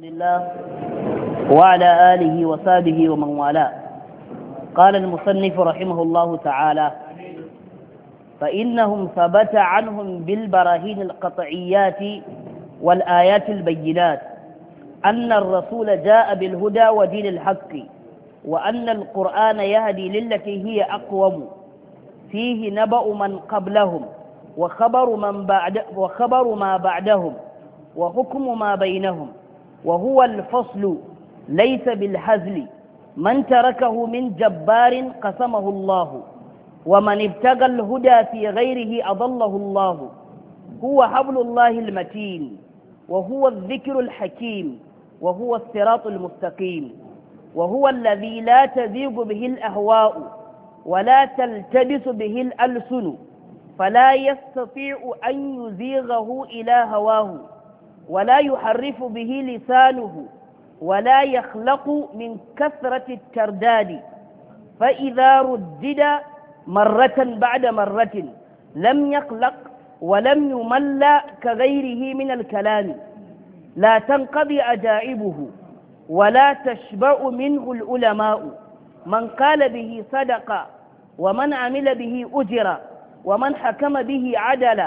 لله وعلى آله وصحبه ومن والاه قال المصنف رحمه الله تعالى فإنهم ثبت عنهم بالبراهين القطعيات والآيات البينات أن الرسول جاء بالهدى ودين الحق وأن القرآن يهدي للتي هي أقوم فيه نبأ من قبلهم وخبر, من بعد وخبر ما بعدهم وحكم ما بينهم وهو الفصل ليس بالهزل من تركه من جبار قسمه الله ومن ابتغى الهدى في غيره أضله الله هو حبل الله المتين وهو الذكر الحكيم وهو الصراط المستقيم وهو الذي لا تزيغ به الأهواء ولا تلتبس به الألسن فلا يستطيع أن يزيغه إلى هواه ولا يحرف به لسانه ولا يخلق من كثرة الترداد فإذا ردد مرة بعد مرة لم يقلق ولم يمل كغيره من الكلام لا تنقضي أجائبه ولا تشبع منه العلماء من قال به صدق ومن عمل به أجر ومن حكم به عدل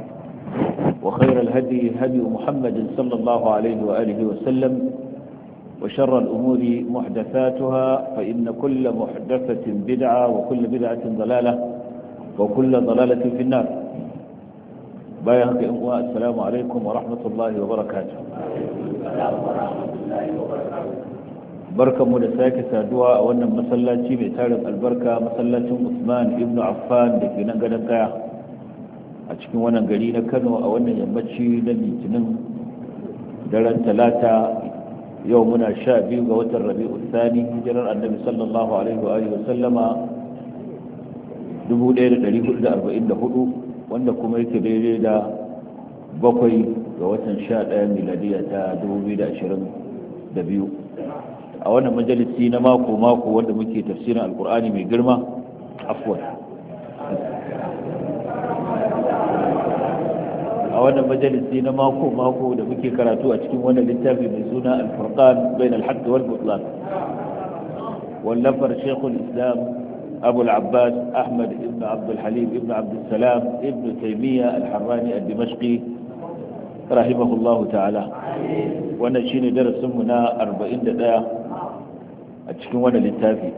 وخير الهدي هدي محمد صلى الله عليه وآله وسلم وشر الأمور محدثاتها فإن كل محدثة بدعة وكل بدعة ضلالة وكل ضلالة في النار بايهك إمواء السلام عليكم ورحمة الله وبركاته بركة ملساكة سادوا وأن مسلاتي بإتارة البركة مسلات عثمان ابن عفان لكي ننقل نقايا a cikin wannan gari na kano a wannan yammaci na litinin daren talata yau muna sha biyu ga watan rabi'ul thani hijirar annabi sallallahu alaihi wa alihi 1444 wanda kuma yake daidai da bakwai ga watan sha ɗaya miladiya ta 2022 a wannan majalisi na mako-mako wanda muke tafsirin alkur'ani mai girma afwan a wannan majalisi na mako mako da muke karatu a cikin wannan littafi mai suna al-furqan bain al-haqq wal butlan wallafar shaykh al-islam abu al-abbas ahmad ibn abd al-halim ibn abd salam ibn taymiya al-harrani al-dimashqi rahimahullahu ta'ala wannan shine darasin mu na 41 a cikin wannan littafi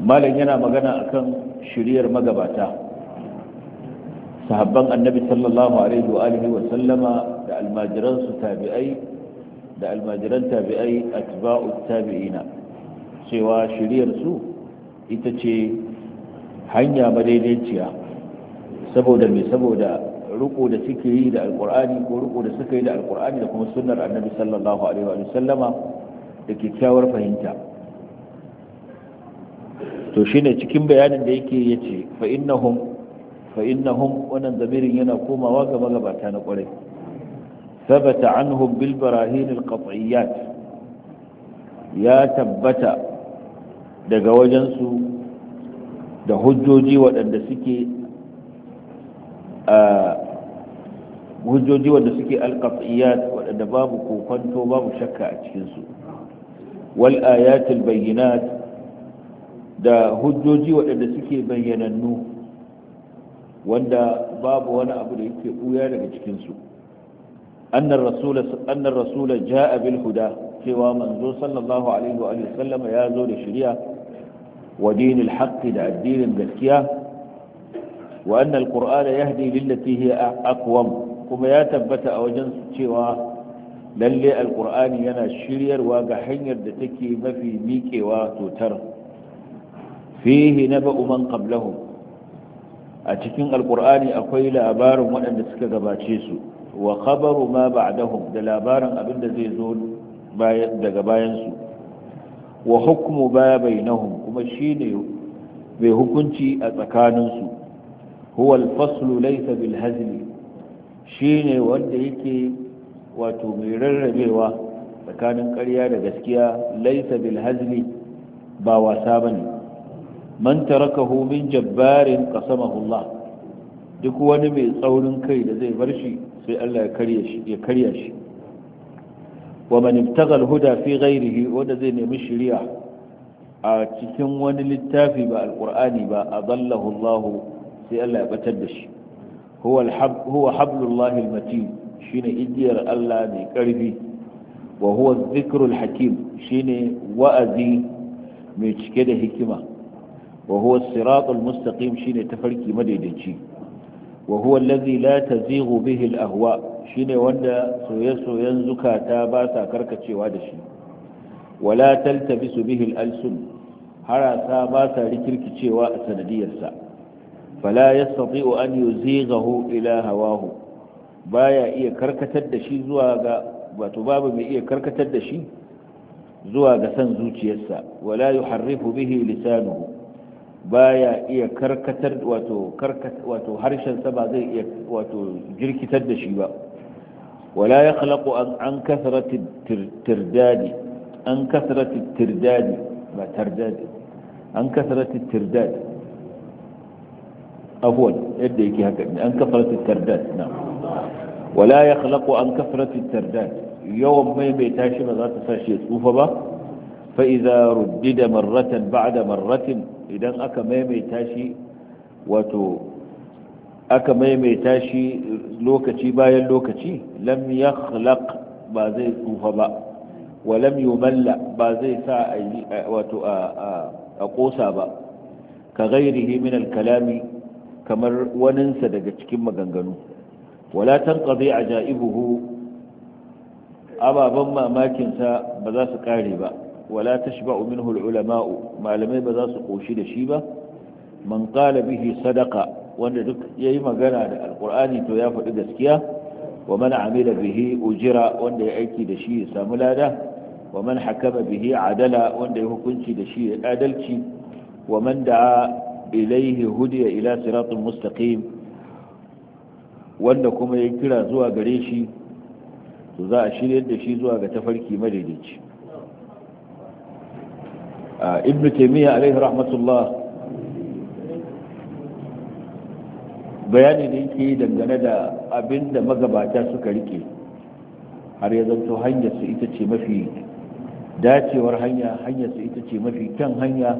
malam yana magana akan shiriyar magabata sahabban annabi sallallahu alaihi wa alihi wa sallama da almajiran su tabi'ai da almajiran tabi'ai atba'u tabi'ina cewa shiriyar su ita ce hanya madaidaiciya saboda me saboda riko da suke yi da alkur'ani ko riko da suka yi da alkur'ani da kuma sunnar annabi sallallahu alaihi wa sallama da kyakkyawar fahimta to shine cikin bayanin da yake yace fa innahum fa innahum wannan zamirin yana komawa ga magabata na kwarai sabata an bil barahin al ya tabbata daga wajensu da hujjoji waɗanda suke hujjoji wanda suke alƙafiyat waɗanda babu kokonto babu shakka a cikinsu wal ayatul da hujjoji waɗanda suke bayyanannu wanda babu wani abu da yake buya daga cikinsu annar rasula annar rasula jaa huda cewa manzo sallallahu alaihi wa sallam ya zo da shari'a wa dinil da addinin gaskiya wa anna alqur'ana yahdi lillati hiya aqwam kuma ya tabbata a wajen cewa lalle alqur'ani yana shiryarwa ga hanyar da take mafi miƙewa totar fihi naba'u man qablahum a cikin alkur'ani akwai labarin waɗanda suka gabace su wa khabaru ma ba'dahum da labarin abin da zai zo daga bayan su wa hukmu ba bainahum kuma shine bai hukunci a tsakanin su huwa al-faslu laysa bil hazli shine wanda yake wato mai rarrabewa tsakanin ƙarya da gaskiya laysa bil hazli ba wasa bane man tarakahu min jabbarin qasamahu Allah duk wani mai tsaurin kai da zai bar shi sai Allah ya karya shi ya karya shi wa man ibtagal huda fi ghairihi wanda zai nemi shari'a a cikin wani littafi ba alqur'ani ba adallahu Allah sai Allah ya batar da shi huwa alhab huwa hablullah almatin shine igiyar Allah mai karfi wa huwa dhikrul hakim shine wa'azi mai cike da hikima wa huwa siratul mustaqim shine tafarki madaidaici wa huwa allazi la tazighu bihi al ahwa shine wanda soye-soyen zukata ba sa karkacewa da shi wala taltabisu bihi al alsun harasa ba sa rikirkicewa a sanadiyarsa fala yastati'u an yuzighahu ila hawahu baya iya karkatar da shi zuwa ga wato babu mai iya karkatar da shi zuwa ga san zuciyarsa wala yuharrifu bihi lisanuhu baya iya karkatar wato wato harshen sa ba zai iya wato jirkitar da shi ba wala ya khalaqu an kasrati tirdadi an kasrati tirdadi ba tirdadi an kasrati tirdadi afwan yadda yake haka an kasrati tirdadi na wala ya khalaqu an kasrati tirdadi yawan mai bai tashi ba za ta sa shi tsufa ba fa idza ruddida marratan ba'da marratin idan aka maimaita shi wato aka maimaita shi lokaci bayan lokaci lam ya ba zai tsufa ba wa lam yumalla ba zai sa wato a ƙosa ba ka gairihi min alkalami kamar waninsa daga cikin maganganu wala tanqadi ajaibuhu ababen mamakinsa ba za su kare ba wala tashba'u minhu al-ulama'u malamai ba za su koshi da shi ba man qala bihi sadaka wanda duk ya yi magana da alqur'ani to ya faɗi gaskiya wa man amila bihi ujira wanda ya aiki dashi shi ya samu lada wa man hakama bihi adala wanda ya hukunci da shi ya adalci wa man da'a ilayhi hudiya ila siratin mustaqim wanda kuma ya kira zuwa gare shi to za a shirye da shi zuwa ga tafarki madaidaici ibn taymiya alaihi rahmatullah bayani da yake dangane da abin da magabata suka rike har ya zanto hanyar su ita ce mafi dacewar hanya hanyar su ita ce mafi kyan hanya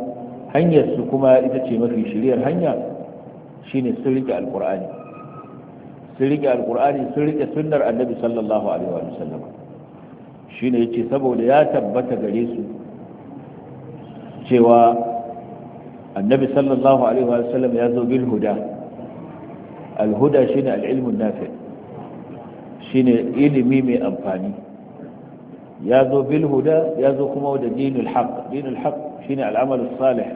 hanyar su kuma ita ce mafi shiriyar hanya shine sun rike alkur'ani sun rike alkur'ani sun rike sunnar annabi sallallahu alaihi wa sallam shine yace saboda ya tabbata gare su cewa annabi sallallahu alaihi wasallam ya zo bil huda al-huda shine al-ilmun nafi shine ilimi mai amfani ya zo bil huda ya zo kuma da dinul haqq dinul haqq shine al-amal salih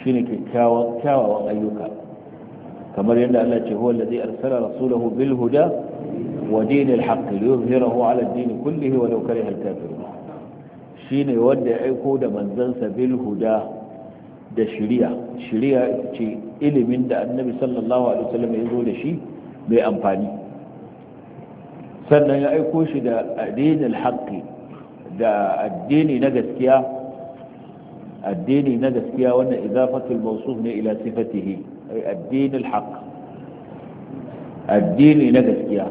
shine kyawawan ayyuka kamar yadda Allah ce huwa allazi arsala rasulahu bil huda wa dinil haqq liyuzhirahu ala ad-din kullihi wa law kariha al-kafirun shine wanda ya aiko da manzansa bil huda da Shiriya shari'a ce ilimin da annabi sallallahu alaihi wasallam ya zo da shi mai amfani sannan ya aiko shi da addinin haqqi da addini na gaskiya addini na gaskiya wannan idafatul mawsuf ne ila sifatihi ay addinul haqq addini na gaskiya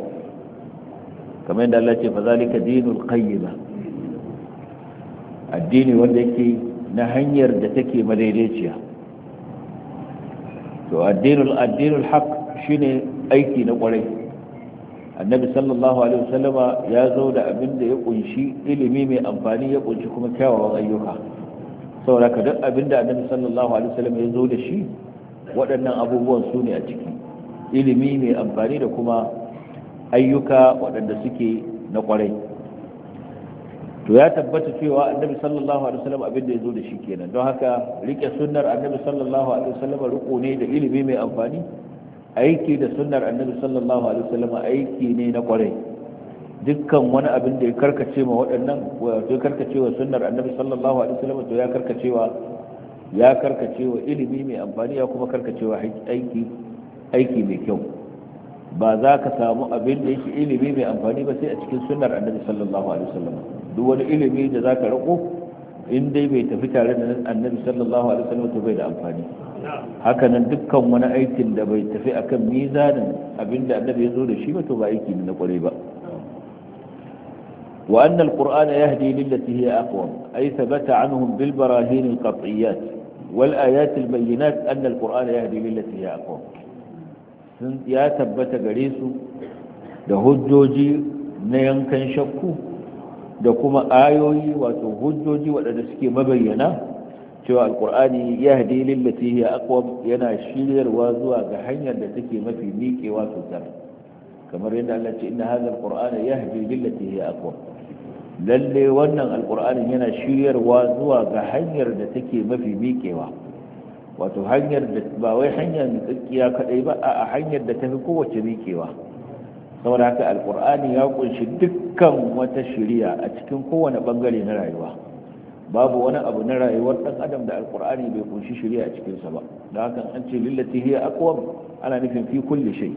kamar yadda Allah ce fa zalika dinul qayyimah addini wanda yake na hanyar da take madaidaiciya to addinul addinul haq shine aiki na kwarai annabi sallallahu alaihi wasallama ya zo da abin da ya kunshi ilimi mai amfani ya kunshi kuma kyawawan ayyuka saboda duk abin da annabi sallallahu alaihi wasallama ya zo da shi waɗannan abubuwan su ne a ciki ilimi mai amfani da kuma ayyuka waɗanda suke na kwarai to ya tabbata cewa annabi sallallahu alaihi wasallam abin da yazo da shi kenan don haka rike sunnar annabi sallallahu alaihi wasallam riko ne da ilimi mai amfani aiki da sunnar annabi sallallahu alaihi wasallam aiki ne na kwarai dukkan wani abin da ya karkace ma waɗannan wato ya karkace wa sunnar annabi sallallahu alaihi wasallam to ya karkace wa ya karkace wa ilimi mai amfani ya kuma karkace wa aiki aiki mai kyau ba za ka samu abin da yake ilimi mai amfani ba sai a cikin sunnar annabi sallallahu alaihi wasallam duk wani ilimi da zaka rako in dai bai tafi tare da annabi sallallahu alaihi wasallam to bai da amfani haka nan dukkan wani aikin da bai tafi akan mizanin da annabi ya zo da shi ba to ba aiki ne na kwarai ba وأن القرآن يهدي للتي هي أقوم أي ثبت عنهم بالبراهين القطعيات والآيات البينات أن القرآن يهدي للتي هي أقوم يا ثبت قريس لهجوجي نينكن شكو da kuma ayoyi wato hujjoji waɗanda suke mabayyana cewa alkur'ani ya hadi lillati hiya aqwam yana shiryarwa zuwa ga hanyar da take mafi miƙewa sosai kamar yadda Allah ce inna hadha alqur'ana yahdi lillati hiya aqwam lalle wannan alkur'ani yana shiryarwa zuwa ga hanyar da take mafi miƙewa wato hanyar da ba wai hanyar tsakiya kadai ba a hanyar da tafi kowace miƙewa saboda haka alkur'ani ya kunshi dukkan wata shiriya a cikin kowane bangare na rayuwa babu wani abu na rayuwar dan adam da alkur'ani bai kunshi shiriya a cikinsa ba da haka an ce lillati hiya aqwam ana nufin fi kulli shay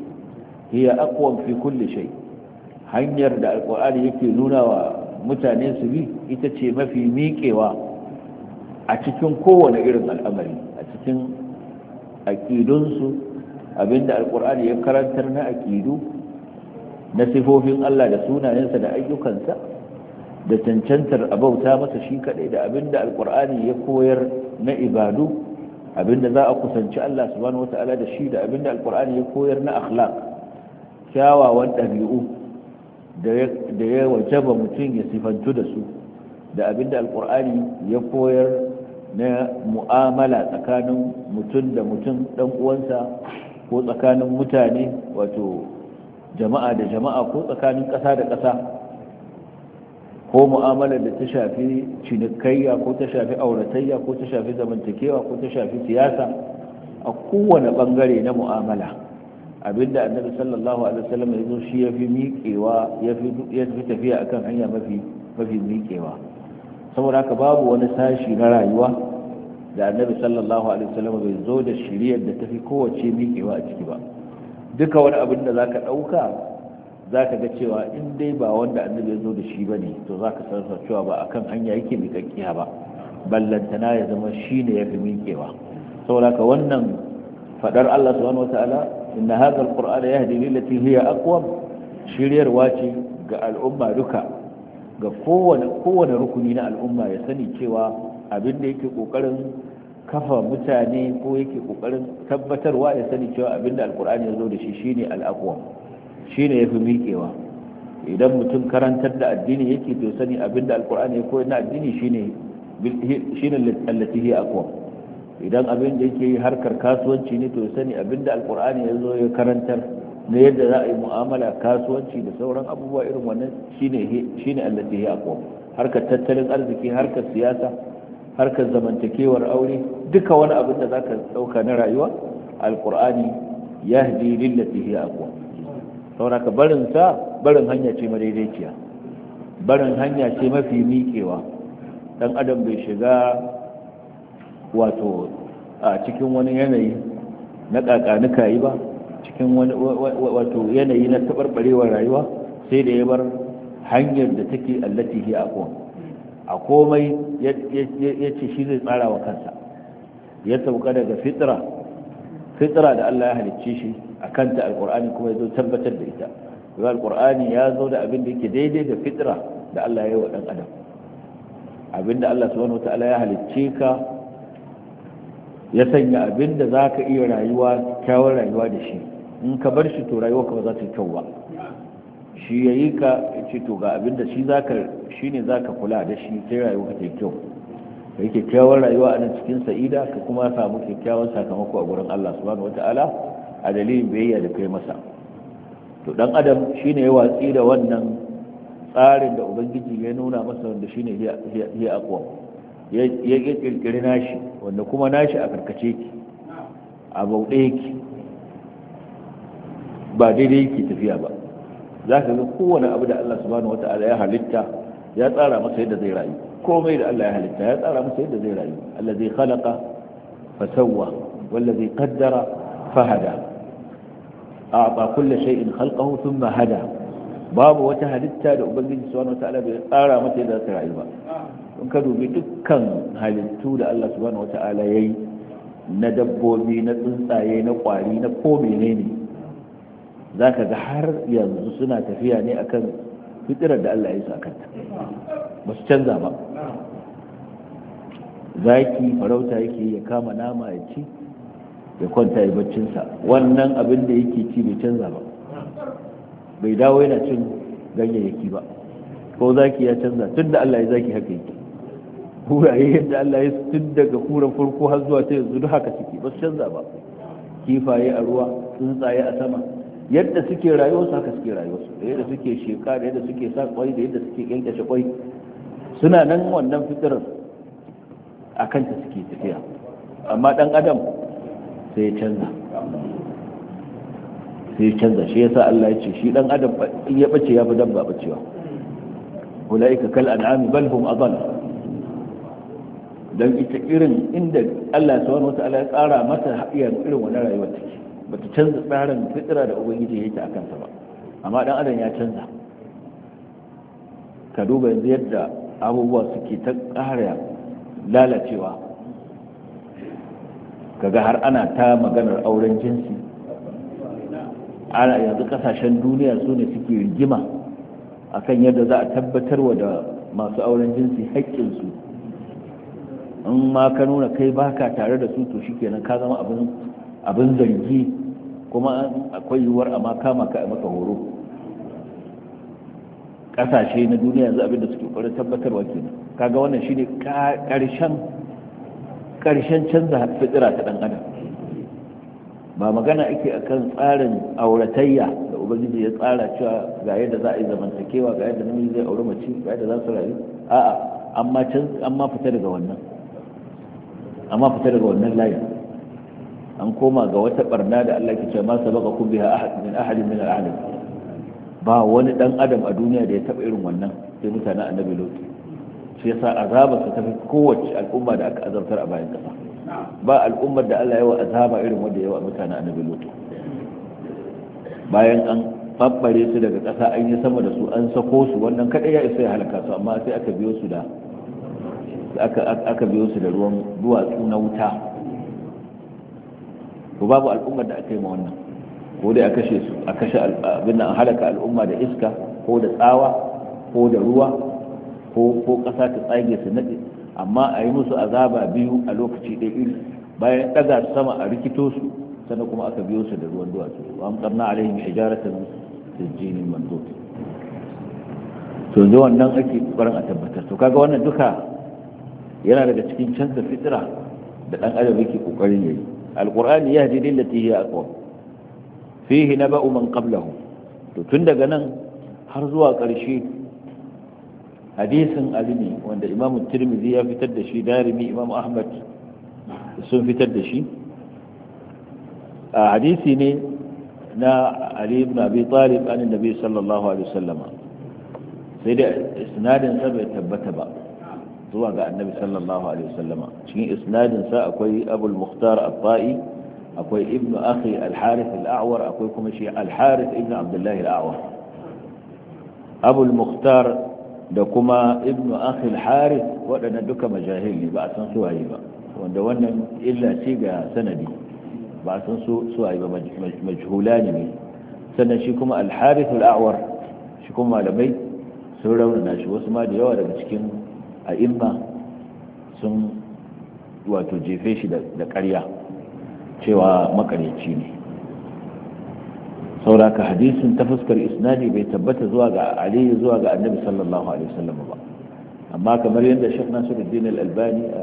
hiya aqwam fi kulli shay hanyar da alkur'ani yake nuna wa mutane su bi ita ce mafi miƙewa a cikin kowane irin al'amari a cikin aƙidunsu abinda alkur'ani ya karantar na aƙidu na sifofin Allah da sunayensa da ayyukansa da cancantar abauta masa shi kaɗai da abinda alkur'ani ya koyar na ibadu abinda za a kusanci Allah subhanahu wata'ala da shi da abinda alkur'ani ya koyar na akhlaq kyawawan ɗabi'u da ya wajaba mutum ya sifantu da su da abinda alkur'ani ya koyar na mu'amala tsakanin mutum da mutum ɗan uwansa ko tsakanin mutane wato jama'a da jama'a ko tsakanin ƙasa da ƙasa ko mu'amalar da ta shafi cinikayya ko ta shafi auratayya ko ta shafi zamantakewa ko ta shafi siyasa a kowane ɓangare na mu'amala abinda annabi sallallahu alaihi wasallam ya zo shi ya fi miƙewa ya fi tafiya akan hanya mafi mafi miƙewa saboda haka babu wani sashi na rayuwa da annabi sallallahu alaihi wasallam bai zo da shiriyar da tafi kowace miƙewa a ciki ba duka wani abin da za ka ɗauka za ka ga cewa in dai ba wanda annabi ya zo da shi ba ne to za ka sarrafa cewa ba a kan hanya yake miƙaƙƙiya ba ballantana ya zama shi ne ya fi miƙewa saboda ka wannan faɗar allah subhanahu wa ta'ala inna hadha ya yahdi lillati hiya aqwam shiryarwa ce ga al'umma duka ga kowane rukuni na al'umma ya sani cewa abin da yake ƙoƙarin. kafa mutane ko yake kokarin tabbatarwa ya sani cewa abinda alkur'ani ya zo da shi shine al'aqwa shine yafi miƙewa idan mutum karantar da addini yake to sani abinda alkur'ani ya koyar na addini shine shine allati hi aqwa idan abin da yake harkar kasuwanci ne to sani abinda alkur'ani ya zo ya karantar na yadda za a yi mu'amala kasuwanci da sauran abubuwa irin wannan shine shine allati hi aqwa harkar tattalin arziki harkar siyasa harkar zamantakewar aure duka wani abin da zaka dauka na rayuwa alqur'ani yahdi lillati hi aqwa saboda barin sa barin hanya ce madaidaiciya barin hanya ce mafi miƙewa dan adam bai shiga wato a cikin wani yanayi na ƙaƙanuka yi ba cikin wani wato yanayi na taɓarɓarewar rayuwa sai da ya bar hanyar da take allati hi aqwa a komai ya ce shi zai tsara wa kansa ya sauka daga fitra fitra da Allah ya halicce shi a kanta Alƙur'ani kuma ya zo tabbatar da ita yau Alƙur'ani ya zo da abin da yake daidai da fitra da Allah ya yi wa ɗan adam abin da Allah subhanahu wataala ya halicce ka ya sanya abin da za ka iya rayuwa kyawun rayuwa da shi in ka bar shi to rayuwa ka ba za ta yi kyau ba shi ya yi ka ce to ga abin da shi ne za ka kula da shi sai rayuwa ta yi kyau kai kyakkyawar rayuwa a nan cikin sa'ida ka kuma samu kyakkyawan sakamako a gurin Allah subhanahu wata'ala a dalilin biyayya da kai masa to dan adam shine ya watsi da wannan tsarin da ubangiji ya nuna masa wanda shine ya aqwa ya ya kirkiri nashi wanda kuma nashi a karkace ki a bauɗe ki ba daidai yake tafiya ba za ka ga kowane abu da Allah subhanahu wata'ala ya halitta ya tsara masa yadda zai rayu komai da Allah ya halitta ya tsara masa yadda zai rayu allazi khalaqa fa sawwa wallazi qaddara fa hada a'ta kulli shay'in khalqahu thumma hada babu wata halitta da ubangiji subhanahu wataala bai tsara mata yadda za rayu ba in ka dubi dukkan halittu da Allah subhanahu wataala yayi na dabbobi na tsuntsaye na kwari na ko menene zaka ga har yanzu suna tafiya ne akan fitirar da Allah ya yi su akanta ba su canza ba zaki farauta yake ya kama nama ya ci ya kwanta ya baccinsa wannan abin da yake ci bai canza ba bai dawo yana cin ganyayyaki ba ko zaki ya canza tun da Allah ya zaki haka yake huraye yadda Allah ya tun daga hura farko har zuwa ta yanzu haka suke ba su canza ba kifaye a ruwa tsuntsaye a sama yadda suke rayuwarsu haka suke rayuwarsu da yadda suke sheka da yadda suke sa kwai da yadda suke kyankyashe kwai suna nan wannan fitar a kanta suke tafiya amma dan adam sai ya canza sai ya canza shi yasa Allah ya ce shi dan adam in ya bace ya fi dabba bacewa ulaika kal an'ami bal hum adall dan ita irin inda Allah subhanahu Allah ya tsara mata iya irin wannan rayuwar take bata canza tsarin fitira da ubangiji yake a kanta ba amma dan adam ya canza ka duba yanzu yadda abubuwa suke ta ƙara lalacewa kaga har ana ta maganar auren jinsi ana yanzu kasashen duniya su ne suke rigima a kan yadda za a tabbatar wa da masu auren jinsi haƙƙinsu in ma ka nuna kai baka tare da su to shikenan ka zama abin zargi kuma akwai yiwuwar a ma kama ka a maka horo kasashe na duniya yanzu abinda suke ƙoƙarin tabbatarwa kenan kaga wannan shine karshen karshen canza fitira ta dan adam ba magana ake akan tsarin auratayya da ubangiji ya tsara cewa ga yadda za a yi zamantakewa ga yadda namiji zai auri mace ga yadda za su rayu a'a amma can amma fita daga wannan amma fita daga wannan layin an koma ga wata barna da Allah ke cewa ma sabaka kun biha ahad min ahadin min al-alamin ba wani dan adam a duniya da ya taba irin wannan sai mutanen annabi lot shi yasa azaba su tafi kowace al'umma da aka azabtar a bayan kasa ba al'ummar da Allah ya wa azaba irin wanda ya wa mutanen annabi lot bayan an fabbare su daga kasa an yi sama da su an sako su wannan kadai ya isa ya halaka su amma sai aka biyo su da aka biyo su da ruwan duwatsu na wuta to babu al'ummar da aka yi ma wannan ko dai a kashe su a kashe abin nan halaka al'umma da iska ko da tsawa ko da ruwa ko ƙasa kasa ta tsage su nade amma a yi musu azaba biyu a lokaci ɗaya iri bayan ɗaga sama a rikito su sannan kuma aka biyo su da ruwan duwatsu wa amtarna alaihim ijaratan sijjinin mandud to yanzu wannan ake kokarin a tabbatar to kaga wannan duka yana daga cikin canza fitira da dan adam yake kokarin yayi alqur'ani yahdi lillati hiya aqwam fihi naba'u man qablahum to tun daga nan har zuwa ƙarshe hadisin alimi wanda imamu tirmidhi ya fitar da shi darimi Imam ahmad sun fitar da shi a hadisi ne na ali ibn abi talib an sallallahu alaihi wasallam sai da isnadin sa bai tabbata ba zuwa ga annabi sallallahu alaihi wasallam cikin isnadin sa akwai abul muhtar at-ta'i akwai Ibn akhi al-harith al-a'war akwai kuma shi al-harith ibnu abdullah al-a'war abu mukhtar da kuma Ibn akhi al-harith wadanda duka majahil ne ba a san suwaye ba wanda wannan illa ce ga sanadi ba a san suwaye ba majhula ne sannan shi kuma al-harith al-a'war shi kuma malamai sun raunana shi wasu ma da yawa daga cikin a'imma sun wato jefe shi da ƙarya cewa makareci ne sauraka hadisin ta fuskar isnadi bai tabbata zuwa ga aliyu zuwa ga annabi sallallahu alaihi wasallam ba amma kamar yadda shek nasiruddin al-albani a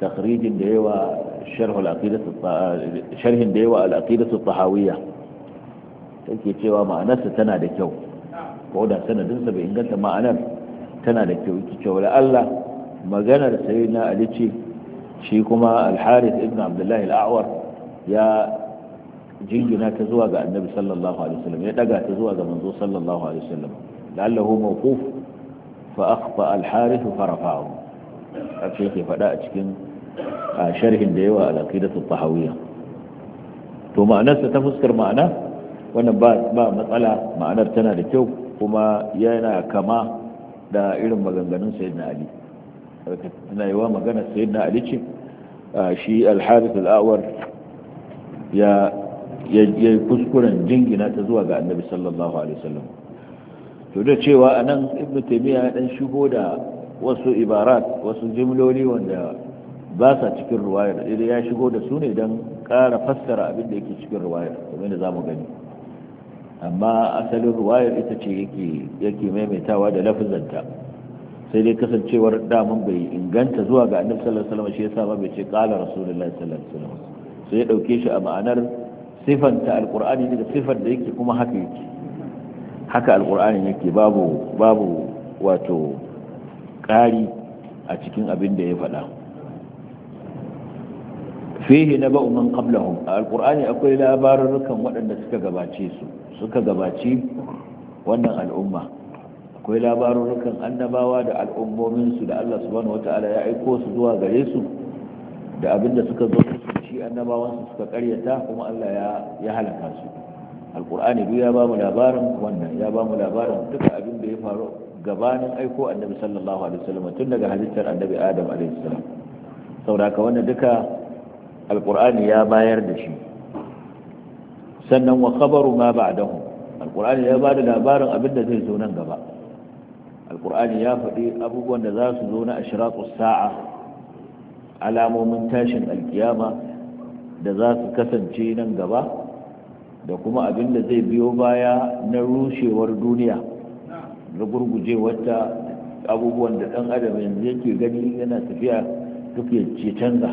takhrijin da yawa sharhul aqidatu sharhin da yawa al-aqidatu tahawiyya take cewa ma'anarsa tana da kyau ko da sanadinsa bai inganta ma'anar tana da kyau yake cewa Allah maganar sayyidina ali ce shi kuma al ibn abdullahi al-a'war ya jingina ta zuwa ga annabi sallallahu alaihi wasallam ya daga ta zuwa ga manzo sallallahu alaihi wasallam lallahu mawquf fa akhfa al fa rafa'ahu ace ke fada a cikin sharhin da yawa al-aqidatu tahawiyya to ma'anarsa ta fuskar ma'ana wannan ba ba matsala ma'anar tana da kyau kuma yana kama da irin maganganun sayyidina ali ina yi wa magana sayyidina ali ce shi al al'awar ya yi kuskuren jingina ta zuwa ga annabi sallallahu alaihi wasallam to da cewa nan ibnu taimiyya ya dan shigo da wasu ibarat wasu jimloli wanda ba sa cikin ruwayar idan ya shigo da su ne don kara fassara abin da yake cikin ruwayar kamar da za mu gani amma asalin ruwayar ita ce yake maimaitawa da lafazanta sai dai kasancewar daman bai inganta zuwa ga annabi sallallahu alaihi wasallam shi yasa ba bai ce qala rasulullahi sallallahu alaihi wasallam sai ya dauke shi a ma'anar sifanta alqur'ani daga sifar da yake kuma haka yake haka alqur'ani yake babu babu wato ƙari a cikin abin da ya faɗa fihi na ba'u man qablahum a alqur'ani akwai labarukan waɗanda suka gabace su suka gabaci wannan al'umma akwai labarurukan annabawa da al'ummominsu da Allah subhanahu wata'ala ya aiko su zuwa gare su da abin da suka zo su shi annabawansu suka karyata kuma Allah ya halaka su alkur'ani duk ya ba mu labarin wannan ya ba mu labarin duka abin da ya faru gabanin aiko annabi sallallahu alaihi wasallam tun daga halittar annabi adam alaihi salam saboda haka wannan duka alkur'ani ya bayar da shi sannan wa khabaru ma ba'dahu alkur'ani ya ba da labarin abin da zai zo nan gaba alkur'ani ya faɗi abubuwan da za su zo na ashiratus sa'a alamomin tashin alkiyama da za su kasance nan gaba da kuma abin da zai biyo baya na rushewar duniya gurguje wata abubuwan da ɗan adam yanzu yake gani yana tafiya duk ya canza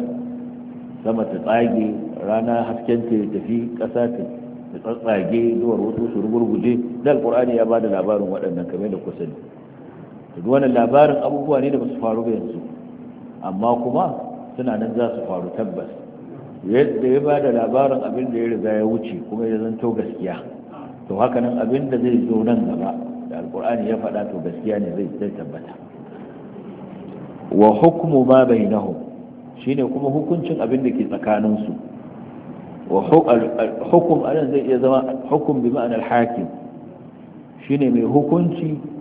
sama ta tsage rana haskenta ya tafi ƙasa ta da tsatsage zuwar wasu su gurguje da alƙur'ani ya da labarin waɗannan kamar da kusa ne daga wannan labarin abubuwa ne da ba su faru ba yanzu amma kuma suna nan za su faru tabbas yadda ya ba da labarin abin da ya riga ya wuce kuma ya zanto gaskiya to haka nan abin da zai zo nan gaba da alkur'ani ya faɗa to gaskiya ne zai tabbata wa hukmu ma bainahum shine kuma hukuncin abin da ke tsakaninsu wa hukum anan zai iya zama hukum bi ma'anar hakim shine mai hukunci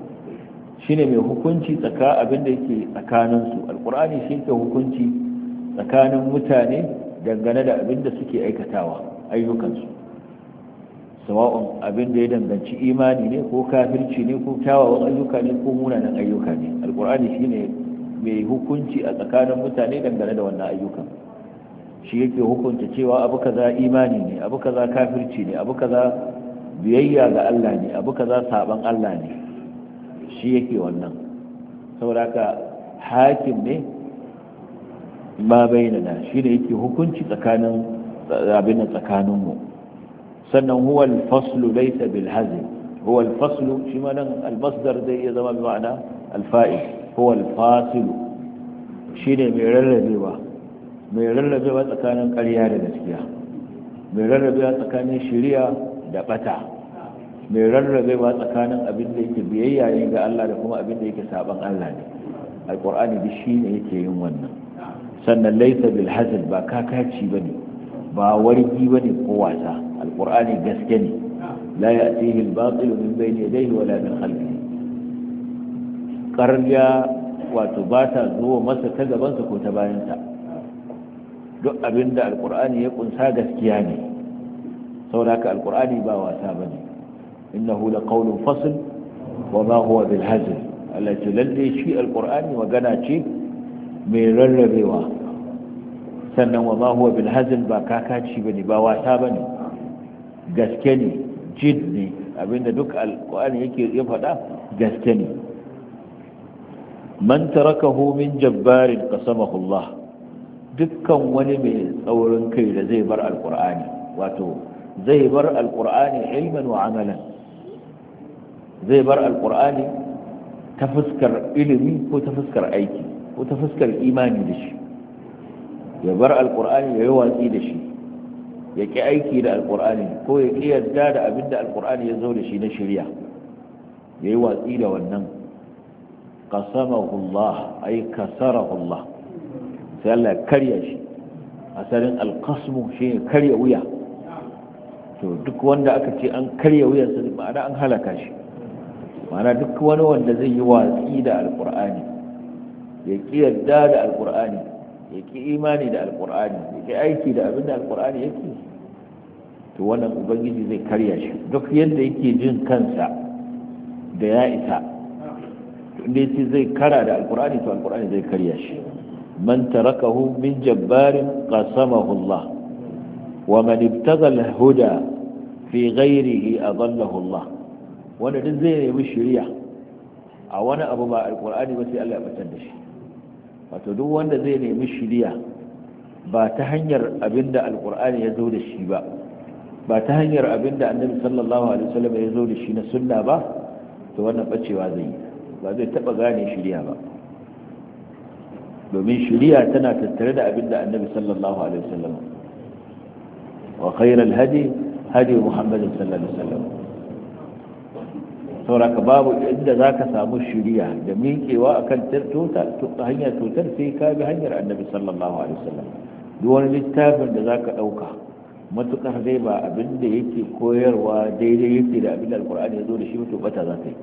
shine mai hukunci tsaka abin da yake tsakaninsu alkur'ani shi ke hukunci tsakanin mutane dangane da abin da suke aikatawa ayyukansu sawa'un abin da ya danganci imani ne ko kafirci ne ko kyawawan ayyuka ne ko munanan ayyuka ne alkur'ani shine mai hukunci a tsakanin mutane dangane da wannan ayyukan shi yake hukunta cewa abu kaza imani ne abu kaza kafirci ne abu kaza biyayya ga Allah ne abu kaza saban Allah ne shi yake wannan saboda ka hakim ne ma da shi ne yake hukunci tsakanin abin tsakanin mu sannan huwa faslu laysa bil hazm huwa faslu shi ma nan al zai iya zama bi ma'ana al-fa'il huwa fasilu shi ne mai rarrabewa mai rarrabewa tsakanin ƙarya da gaskiya mai rarrabewa tsakanin shari'a da bata mai rarrabewa tsakanin abin da yake biyayya ne ga Allah da kuma abin da yake saban Allah ne Alƙur'ani bi shi ne yake yin wannan sannan laysa bil hazl ba kakaci bane ba wargi bane ko wasa Alƙur'ani gaske ne la ya'tihi al batil min bayni yadayhi wala min khalfihi Ƙarya wato ba ta zuwa masa ta gabansa ko ta bayansa duk abin da Alƙur'ani ya kunsa gaskiya ne haka Alƙur'ani ba wasa ba ne innahu laqawlun fasl wa ma huwa bil hazl allati lalle shi alqur'ani magana ce mai rarrabewa sannan wa ma huwa bil hazl ba kakaci bane ba ne. bane gaske ne jid ne abinda duk alqur'ani yake ya faɗa gaske ne man tarakahu min jabbarin qasamahu Allah dukkan wani mai tsaurin kai da zai bar alqur'ani wato zai bar alqur'ani ilman wa amalan zai bar alkur'ani ta fuskar ilimi ko ta fuskar aiki ko ta fuskar imani da shi ya bar alkur'ani ya yi watsi da shi ya ƙi aiki da alkur'ani ko ya ƙi yarda da abin da alkur'ani ya zo da shi na shirya ya yi watsi da wannan qasamahullah ay kasarahullah sai Allah ya karya shi asalin alkasmu shi karya wuya to duk wanda aka ce an karya wuyansa ma'ana an halaka shi mana duk wani wanda zai yi watsi da alkur'ani ya ki yarda da alkur'ani ya ki imani da alkur'ani ya ki aiki da abin da alkur'ani yake to wannan ubangiji zai karya shi duk yadda yake jin kansa da ya isa to inda yace zai kara da alkur'ani to alkur'ani zai karya shi man tarakahu min jabbarin qasamahu Allah wa man ibtaga al-huda fi ghayrihi adallahu Allah wanda duk zai nemi shirya a wani abu ba alkur'ani ba sai Allah ya batar da shi wato duk wanda zai nemi shirya ba ta hanyar abin abinda alkur'ani ya zo da shi ba ba ta hanyar abin da annabi sallallahu alaihi wasallam ya zo da shi na sunna ba to wannan bacewa zai ba zai taba gane shirya ba domin shirya tana tattare da abin da annabi sallallahu alaihi wasallam wa khairal hadi hadi muhammadin sallallahu alaihi wasallam sauraka babu inda za ka samu shiriya da miƙewa a kan hanyar cutar sai ka bi hanyar annabi sallallahu alaihi wasallam duk wani littafin da za ka ɗauka matuƙar dai ba abin da yake koyarwa daidai yake da abin da alƙur'ani ya zo da shi mutu bata za ta yi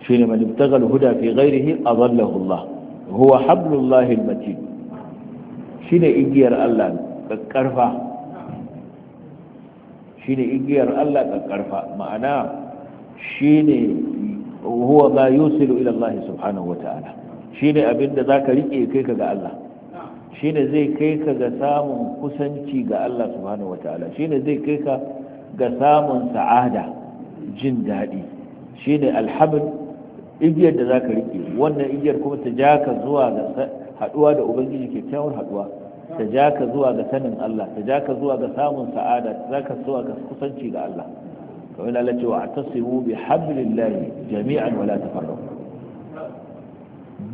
shi ne man ibtagal huda fi ghairihi adallahu Allah huwa hablullahi almatin ne igiyar Allah kakkarfa shine igiyar Allah kakkarfa ma'ana Shi shine huwa ma yusilu ila Allah subhanahu wata'ala shine abinda ka riƙe kai ka ga Allah Shi ne zai kai ka ga samun kusanci ga Allah subhanahu Shi ne zai kai ka ga samun sa'ada jin daɗi Shi shine alhamd igiyar da ka riƙe. wannan igiyar kuma ta ja ka zuwa ga haduwa da ubangiji kyakkyawar haduwa ta ja ka zuwa ga sanin Allah ta ja ka zuwa ga samun sa'ada ta ka zuwa ga kusanci ga Allah kamar da Allah cewa atasimu bi hablillahi jami'an wala ta tafarraqu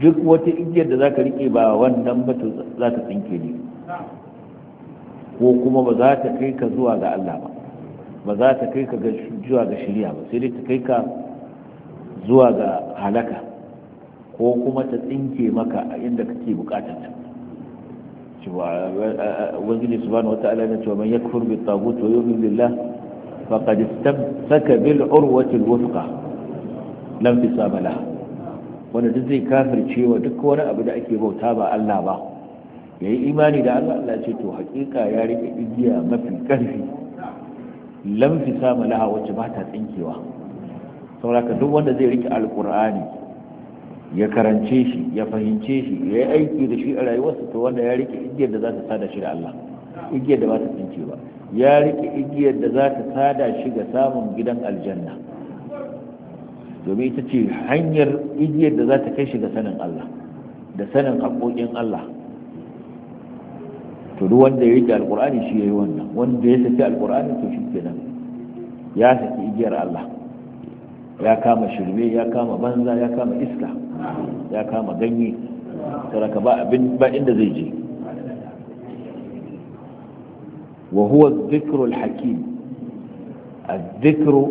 duk wata igiyar da za ka rike ba wannan ba za ta tsinke ne ko kuma ba za ta kai ka zuwa ga Allah ba ba za ta kai ka zuwa ga shirya ba sai dai ta kai ka zuwa ga halaka ko kuma ta tsinke maka a inda kake bukatar ta cewa wazili subhanahu wata'ala na cewa man yakfur bi tagut wa yu'min billah faqad istamsaka bil urwati alwuthqa lam tisaba laha wanda duk zai kafirce wa duk wani abu da ake bauta ba Allah ba yayi imani da Allah Allah ce to hakika ya rike igiya mafi ƙarfi lam tisaba laha wacce ba ta tsinkewa saboda duk wanda zai rike alkur'ani ya karance shi ya fahimce shi ya yi aiki da shi a rayuwarsa to wanda ya rike igiyar da za ta sada shi da Allah igiyar da ba ta tsinke ba ya rike igiyar da za ta sada shi ga samun gidan aljanna domin ita ce hanyar igiyar da za ta kai shi ga sanin Allah da sanin haƙoƙin Allah to duk wanda ya yi da alƙur'ani shi ya yi wannan wanda ya saki alƙur'ani to shi kenan ya saki igiyar Allah ya kama shirme ya kama banza ya kama iska ya kama ganye saraka abin ba inda zai je وهو الذكر الحكيم الذكر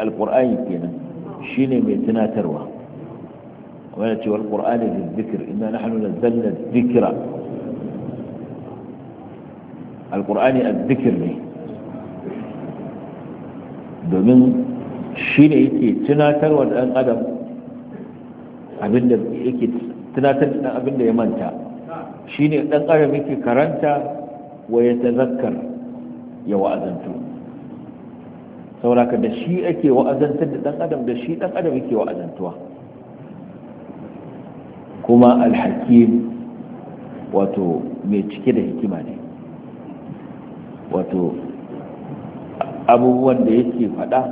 القرآن كنا شيني ميتنا تروى ومالتي والقرآن للذكر إنا نحن نزلنا الذكر القرآن الذكر لي domin شيني ne تنا تروى الآن قدم adam abinda تنا تنا da abinda شيني الآن قدم ne كرانتا Waya ya tazakkar ya wa'azantu sauraka da shi ake wa'azantar da dan adam da shi dan adam yake wa'azantuwa kuma alhakim wato mai cike da hikima ne wato abubuwan da yake faɗa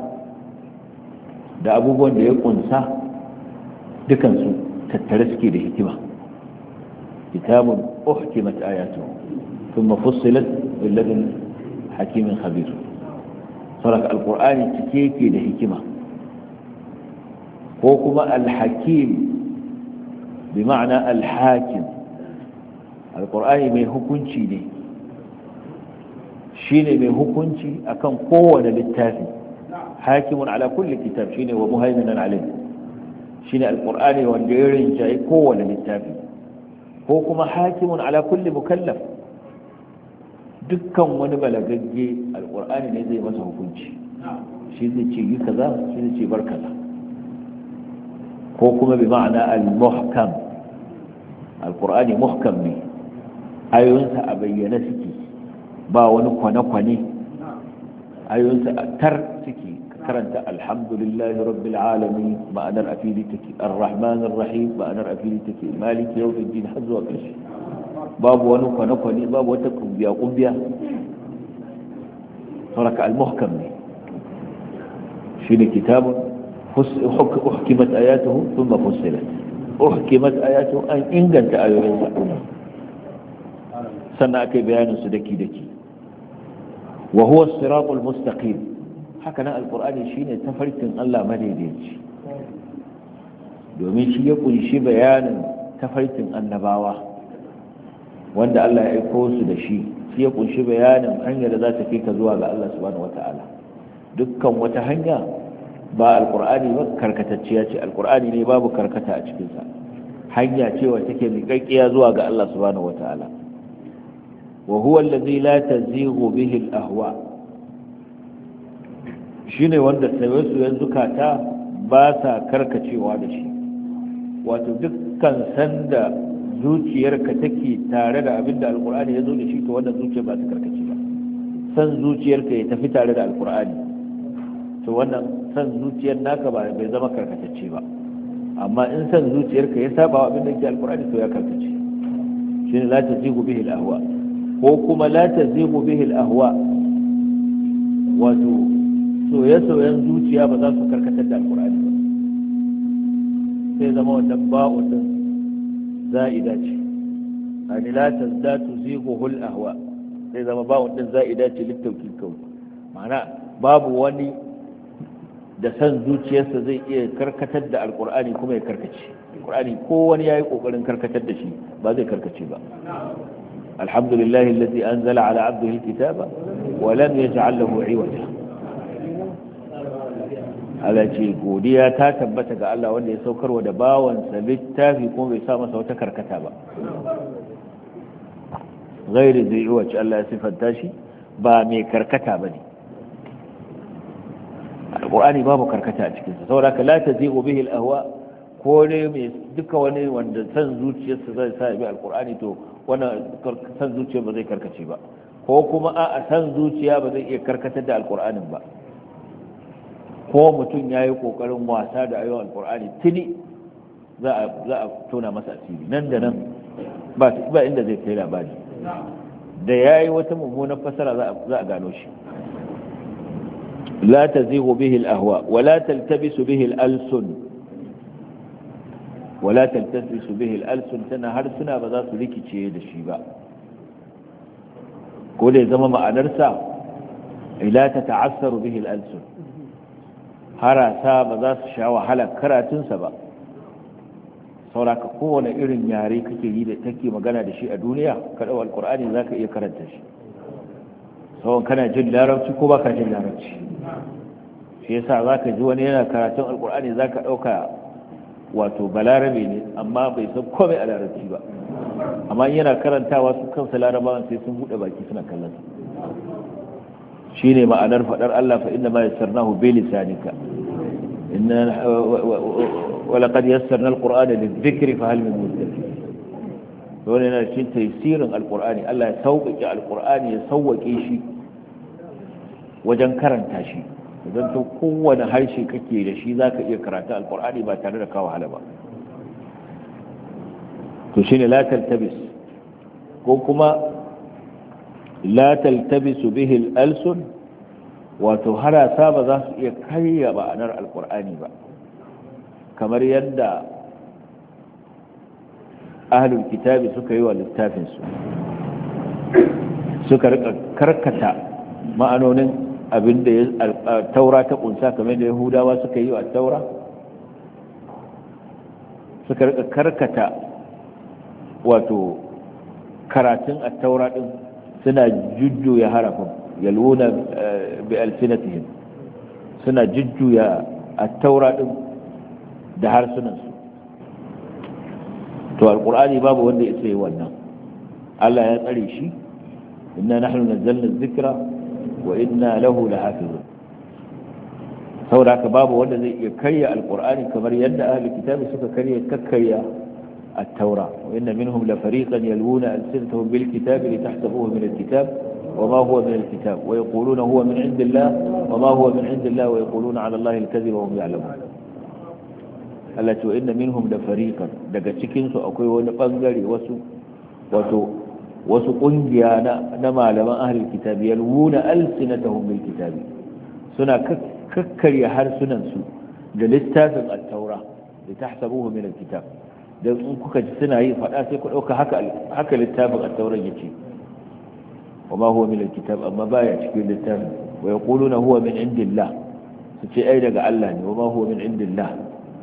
da abubuwan da ya ƙunsa dukansu tattare suke da hikima kitabun uhkimat ayatu ثم فصلت من لدن حكيم خبير صدق القرآن تكيكي لحكمة وكما الحكيم بمعنى الحاكم القرآن من هكونشي لي شيني من هكونشي أكن قوة للتافي حاكم على كل كتاب شيني ومهيمنا عليه شيني القرآن والجيرين جاي قوة للتافي وكما حاكم على كل مكلف dukkan wani balagagge alkur'ani ne zai masa hukunci shi zai ce yi kaza shi zai ce bar kaza ko kuma bi ma'ana al-muhkam alkur'ani muhkam ne ayoyinsa a bayyana suke ba wani kwane-kwane ayoyinsa a tar suke karanta alhamdulillahi rabbil alamin ma'anar afili take ar rahim ma'anar afili take maliki yawmiddin har zuwa ƙarshe babu wani kwane-kwane babu wata kumbiya-kumbiya sauraka al-muhkam ne shi ne kitabun uhkimat ayatuhu sun mafusilat uhkimat ayatuhu an inganta ayoyinsa sannan aka yi su daki-daki wa huwa siratul mustaqim haka nan alkur'ani shine tafarkin Allah madaidaici domin shi ya kunshi bayanin tafarkin annabawa wanda Allah ya aiko su da shi shi ya kunshi bayanin hanyar da za ta kai ka zuwa ga Allah subhanahu wata'ala dukkan wata hanya ba alkur'ani ba karkatacciya ce alkur'ani ne babu karkata a cikinsa hanya ce wacce take miƙaƙƙiya zuwa ga Allah subhanahu wata'ala wa huwa allazi la tazighu bihi al-ahwa shine wanda sauye-sauyen zukata ba sa karkacewa da shi wato dukkan sanda zuciyarka take tare da abin da alkur'ani ya zo da shi to wannan zuciyar ba ta karkace ba san zuciyarka ya tafi tare da alkur'ani to wannan san zuciyar naka ba bai zama karkatacce ba amma in san zuciyarka ya saba wa abin da ke alkur'ani to ya karkace shi ne la zihu bihi al-ahwa ko kuma la zihu bihi al-ahwa wato soye-soyen zuciya ba za su karkatar da alkur'ani ba sai zama wannan ba za'ida ce ani la tazdatu zighu ahwa sai zama ba wannan za'ida ce littauki kawai ma'ana babu wani da san zuciyarsa zai iya karkatar da alqur'ani kuma ya karkace alqur'ani ko wani yayi kokarin karkatar da shi ba zai karkace ba alhamdulillahi alladhi anzala ala abdihi alkitaba wa lam yaj'al lahu 'iwaja Allah ce godiya ta tabbata ga Allah wanda ya saukarwa da bawansa littafi kuma bai sa masa wata karkata ba gairi zai wacce Allah ya siffanta shi ba mai karkata ba ne alƙur'ani babu karkata a cikinsa saboda ka la tazi'u bihi al ko ne mai duka wani wanda san zuciyarsa zai sa bi alƙur'ani to wannan san zuciya ba zai karkace ba ko kuma a'a san zuciya ba zai iya karkatar da alƙur'anin ba ko mutum ya yi ƙoƙarin wasa da ayyuan alƙur'ani tuni za a tona masa asiri nan da nan ba inda zai kai labari da ya yi wata mummunan fasara za a gano shi Lata ta zihu bihil ahwa wa la taltabisu bihil alsun wala taltasu bihi al-alsun tana harsuna ba za su rikice da shi ba ko da ya zama ma'anarsa ila ta ta'assaru bihi al-alsun harasa ba za su sha wahalar karatunsa ba sauraka kowane irin yare kake yi da take magana da shi a duniya kaɗau alkur'ani za ka iya karanta shi tsawon kana jin larabci ko ba ka jin larabci shi yasa za ka ji wani yana karatun alkur'ani za ka ɗauka wato balarabe ne amma bai san komai a larabci ba amma yana karantawa su kansa larabawan sai sun buɗe baki suna kallon shi ne ma'anar faɗar allah fa inda ma yassarnahu bi lisanika إننا ولقد يسرنا القرآن للذكر فهل من مدكر wani yana cikin tafsirin alkur'ani Allah ya sauƙaƙe alkur'ani ya sauƙaƙe shi wajen karanta shi idan to kowane harshe kake da shi za iya karanta alkur'ani ba tare da kawo hala ba to shi ne tabis ko kuma latar tabisu alsun wato harasa ba za su iya karya ma'anar alkur'ani ba kamar yadda ahalin kitabi suka yi wa littafinsu suka rika karkata ma'anonin abinda ya taura ta kunsa kamar da yahudawa suka yi wa taura suka rika karkata wato karatun a taura din suna jujjuya harafin يلوون آه، بألسنتهم سنة ججوا يا التوراة دهار سنة تو القرآن بابه واندي إسيه وانا ألا يتعلي شيء إنا نحن نزلنا الذكرى وإنا له لحافظ ثوراك بابه واندي يكري القرآن كما يدى أهل الكتاب سوف كري التوراة وإن منهم لفريقا يلوون ألسنتهم بالكتاب لتحتفوه من الكتاب وما هو من الكتاب ويقولون هو من عند الله وما هو من عند الله ويقولون على الله الكذب وهم يعلمون Allah ce inda minhum da fariqan daga cikin su akwai wani bangare wasu wato wasu kungiya na malaman ahlul kitabi yalwuna alsinatahum bil kitabi suna kakkarya harsunan su da littafin kuka ji suna yi faɗa sai ku ɗauka haka littafin a at ya ce. wa ma huwa min alkitab amma baya cikin littafin wa yaquluna huwa min indillah su ce ai daga Allah ne wa ma huwa min indillah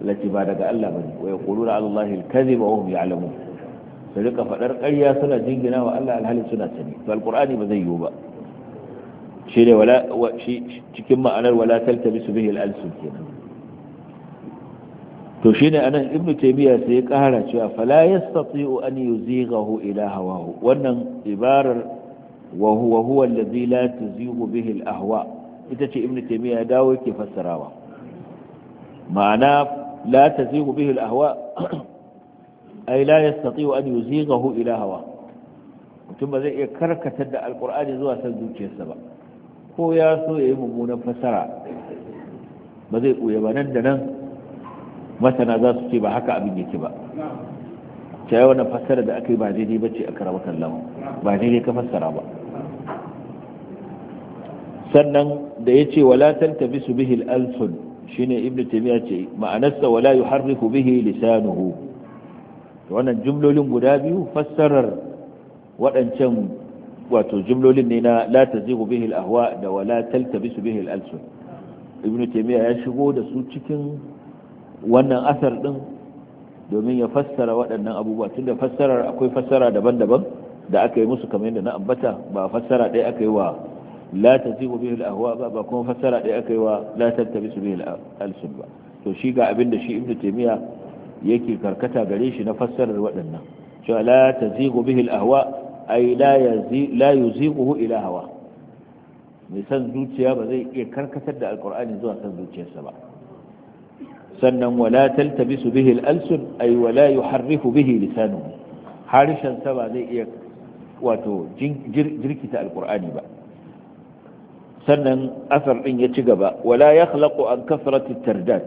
lati ba daga Allah bane wa yaquluna ala Allah alkadhiba wa hum ya'lamun su rika fadar ƙarya suna jingina wa Allah alhali suna sani to alqur'ani ba zai yiwu ba shi ne wala shi cikin ma'anar wala taltabisu bihi al-alsun kenan to shine anan Ibn taymiya sai ya kara cewa fala yastati'u an yuzighahu ila hawahu wannan ibarar wa huwa huwa allazi la tuzihu bihi al ita ce ibnu taymiya ya dawo yake fassarawa ma'ana la tuzihu bihi al-ahwa ay la yastati'u an yuzighahu ila hawa mutum ba zai iya karkatar da alqur'ani zuwa san zuciyarsa ba ko ya so yayi mummunan fassara ba zai koya ba nan da nan masana za su ce ba haka abin ba ta yi wani fassara da aka yi ba ka fassara ba sannan da ya ce wala su bihi al-alsun shine ibnu taymiya ce ma'anarsa wala yuharriku bihi lisanuhu wannan jumlolin guda biyu fassarar waɗancan wato jumlolin ne na la tazigu bihi al-ahwa da wala taltabisu bihi al-alsun ibnu taymiya ya shigo da su cikin wannan asar din domin ya fassara waɗannan abubuwa tunda fassarar akwai fassara daban-daban da aka yi musu kamar yadda na ambata ba fassara ɗaya aka yi wa la tazigu bihi al ba kuma fassara da aka yi wa la tattabisu bihi al-alsun ba to shi ga abin da shi ibnu taymiya yake karkata gare shi na fassarar waɗannan cewa a tazigu bihi al-ahwa ay la yazi la ila hawa mai san zuciya ba zai iya karkatar da alqur'ani zuwa san zuciyarsa ba sannan wala taltabisu bihi al-alsun ay bihi harshen sa ba zai iya wato jirkita alqur'ani ba sannan asar ɗin ya ci gaba wala ya khalaqu an kasrati tardat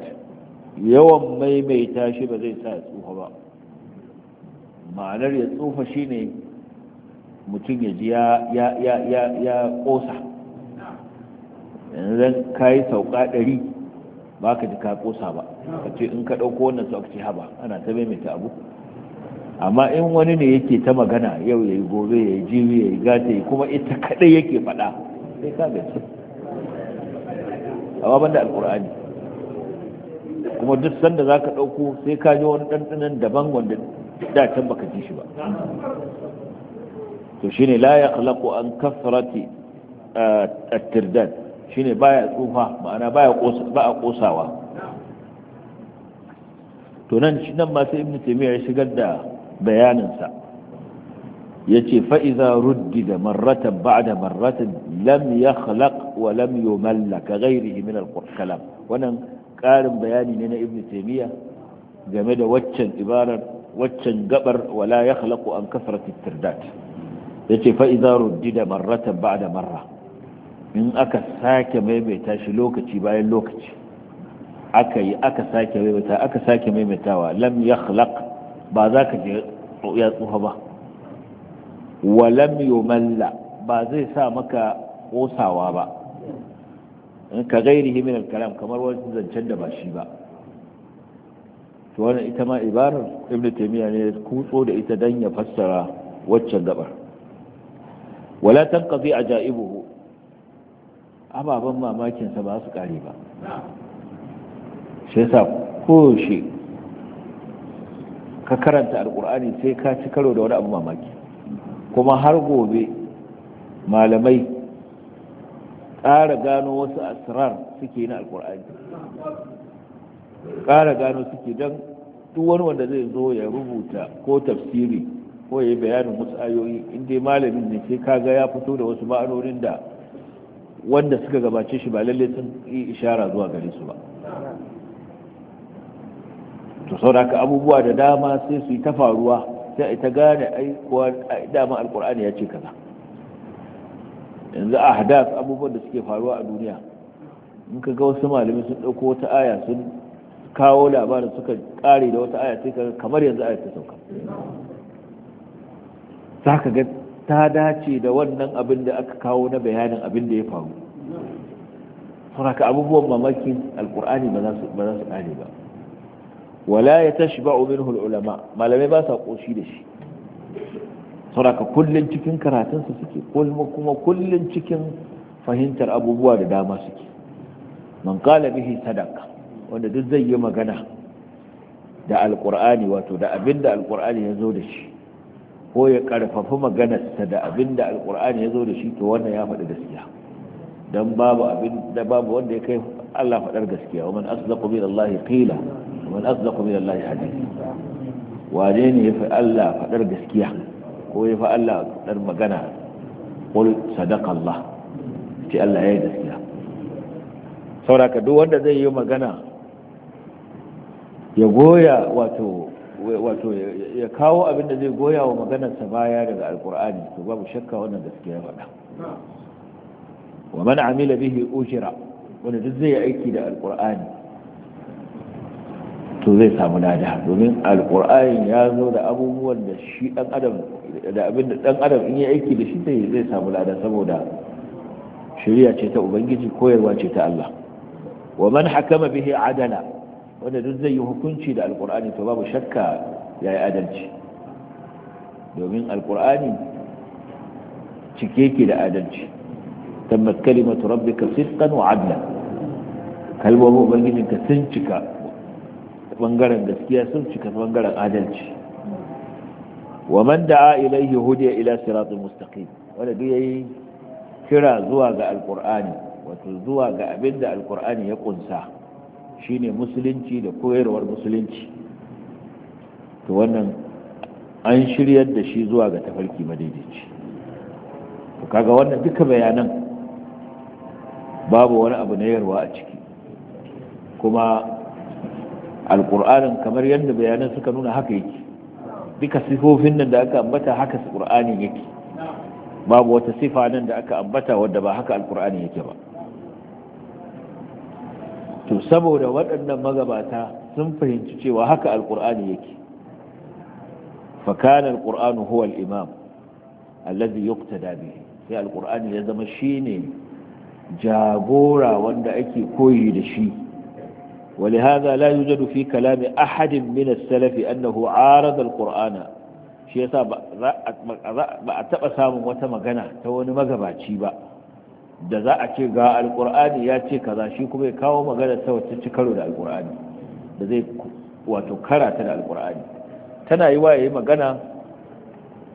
yawan maimaita shi ba zai sa ya tsufa ba ma'anar ya tsufa shine mutum ya ji ya ya ya ya kosa sauka ɗari ba ka ji ka kosa ba ka ce in ka ɗauko wannan sauka ce haba ana ta maimaita abu amma in wani ne yake ta magana yau ya yi gobe ya yi jiwi ya yi gata kuma ita kaɗai yake faɗa sai ka gaji alkur'ani kuma duk sanda za ka ɗauko sai ka ji wani ɗanɗanan daban wanda da can baka ji shi ba to ne laye alaƙo an a at shi ne eh, baya tsufa ma'ana ba a ƙosawa. to nan shi nan ma sai ibnu shigar da bayaninsa. yace fa'iza ruddi da marratan ba'da marratin lam yakhlaq wa lam yumallak ghayrihi min al-kalam wannan karin bayani ne na ibnu taymiya game da waccan ibarar waccan gabar wala yakhlaqu an kasrat at-tirdat yace fa'iza ruddi da marratan ba'da marra in aka sake maimaita shi lokaci bayan lokaci aka yi aka sake maimaita aka sake maimaitawa lam yakhlaq ba za ka je ya tsufa ba walam yumalla ba zai sa maka kosawa ba in ka gairihi min al-kalam kamar wani zancen da ba shi ba to wannan ita ma ibarar ibnu taymiya ne kutso da ita dan ya fassara waccan gabar wala tanqadi ajaibuhu ababan mamakin sa ba su kare ba sai sa ko shi ka karanta alqur'ani sai ka ci karo da wani abu mamaki kuma har gobe malamai ƙara gano wasu asirar suke na alkur'ani ƙara gano suke don duk wani wanda zai zo ya rubuta ko tafsiri ko ya yi bayanin wasu ayoyi inda malamin ne sai kaga ya fito da wasu ma'anonin da wanda suka gabace shi ba lalle sun yi ishara zuwa gare su ba to sauraka abubuwa da dama sai su yi ta faruwa sai ita gane ai kuwa alkur'ani ya ce kaza yanzu ahdas abubuwan da suke faruwa a duniya in ka ga wasu malami sun dauko wata aya sun kawo labarin suka kare da wata aya sai kamar yanzu aya ta sauka za ka ga ta dace da wannan abin da aka kawo na bayanin abin da ya faru saboda abubuwan mamakin alkur'ani ba za su kare ba wala ya tashba'u minhu ulama malamai ba sa koshi da shi saboda kullum cikin karatun su suke kuma kullum cikin fahimtar abubuwa da dama suke man qala bihi sadaqa wanda duk zai yi magana da alqur'ani wato da abinda alqur'ani ya zo da shi ko ya karfafa maganarsa da abinda alqur'ani ya zo da shi to wannan ya faɗi gaskiya dan babu abin da babu wanda ya kai Allah faɗar gaskiya wa man asdaqu min Allah qila man asdaqu min Allah hadith waje ne ya fi Allah faɗar gaskiya ko ya fi Allah faɗar magana qul sadaka Allah ce Allah ya yi gaskiya sauraka duk wanda zai yi magana ya goya wato wato ya kawo abin da zai goya wa maganarsa baya daga alkur'ani to babu shakka wannan gaskiya faɗa wa man amila bihi ujira wanda duk zai aiki da alkur'ani to zai samu nada domin alkur'ani ya zo da abubuwan da shi dan adam da abin da dan adam in ya aiki da shi zai zai samu nada saboda shari'a ce ta ubangiji koyarwa ce ta Allah wa man hakama bihi adala wanda duk zai yi hukunci da alkur'ani to babu shakka yayi adalci domin alkur'ani cike yake da adalci tabbat kalimatu rabbika sidqan wa adla kalmomin ubangijinka sun cika bangaren gaskiya sun cika bangaren adalci wa man da'a ilayhi hudiya ila siratul mustaqim wanda duk yayi kira zuwa ga alqur'ani wato zuwa ga abinda alqur'ani ya kunsa shine musulunci da koyarwar musulunci to wannan an shiryar da shi zuwa ga tafarki madidici to kaga wannan duka bayanan babu wani abu na yarwa a ciki kuma alƙur'anin kamar yadda bayanan suka nuna haka yake duka sifofin nan da aka ambata haka ƙur'anin yake babu wata sifa nan da aka ambata wadda ba haka alƙur'ani yake ba to saboda waɗannan magabata sun fahimci cewa haka alƙur'ani yake فكان القرآن هو imam الذي يقتدى به sai alkur'ani ya zama shi ne jagora wanda ake koyi da shi ولهذا لا يوجد في كلام أحد من السلف أنه عارض القرآن samun wata magana ta wani magabaci ba da za a ce ga alkur'ani ya ce kaza shi kuma ya kawo magana ta wacce ci karo da alkur'ani da zai wato karata da alkur'ani tana yi wa ya yi magana